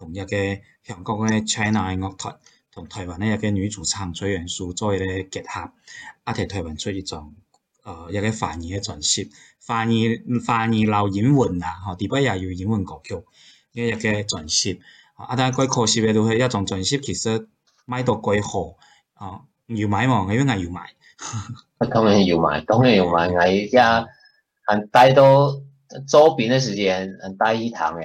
同一個香港嘅 China 嘅樂隊同台灣呢一個女主唱崔元素做一啲結合，一係台灣出一種誒一個繁語嘅轉譯，繁語繁語流英文啊，嚇，底部也有英文歌曲，一個嘅轉譯，啊但係佢嗰時嘅都係一種轉譯，其實賣到幾好啊，要買嘛，因為要賣， 當然要買，當然要買，因為一很待到周邊嘅時間，很待一趟誒。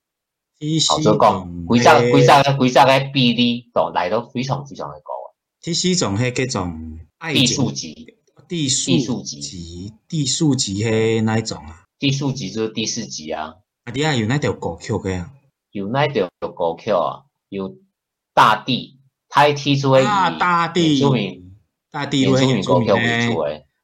好、哦，就講規則，規則，規則嘅比例都來得非常非常的高。第四種是這種第四級，第四級，第四級是哪一種啊？第四級就是第四級啊。啊，底下有哪條歌曲嘅？有哪條歌曲啊？有大地，他踢出嘅、啊，大地，民民大地有族民歌曲踢出嘅。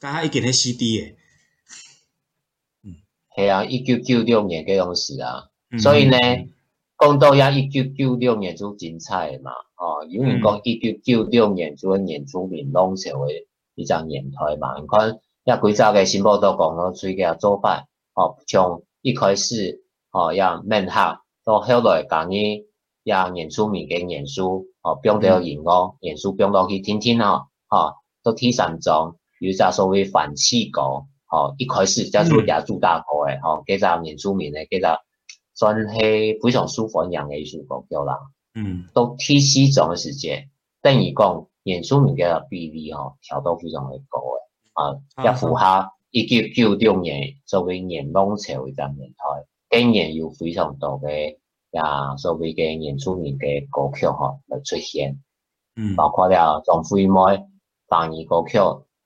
加一點的 CD 嘅，嗯，係啊，一九九六年嘅東西啊。嗯嗯，所以呢，講到一九九六年就精彩嘛，哦，因為講一九九六年就會原住民攏成為一張年代嘛，你看呀，規則嘅新聞都講到水嘅做法，哦，從一開始，哦，呀，啊，閩客，哦，到後來講呢，呀，原住民嘅元素，哦，變到延安，元素變到去天聽，聽哦，哦，都天神莊。有隻所謂反氣歌，嗯，哦，一開始叫做亞洲主打歌嘅，哦，幾隻原住民嘅，幾隻算是非常受歡迎的一首歌曲啦。嗯。到 T.C. 咁嘅時間，等於講原住民嘅比例，哦，調到非常的高嘅，啊，亦符合一九九六年作為聯邦社會嘅年代，近年有非常多的啊，所謂嘅原住民的歌曲，哦，來出現，嗯。包括了張惠妹、翻譯歌曲。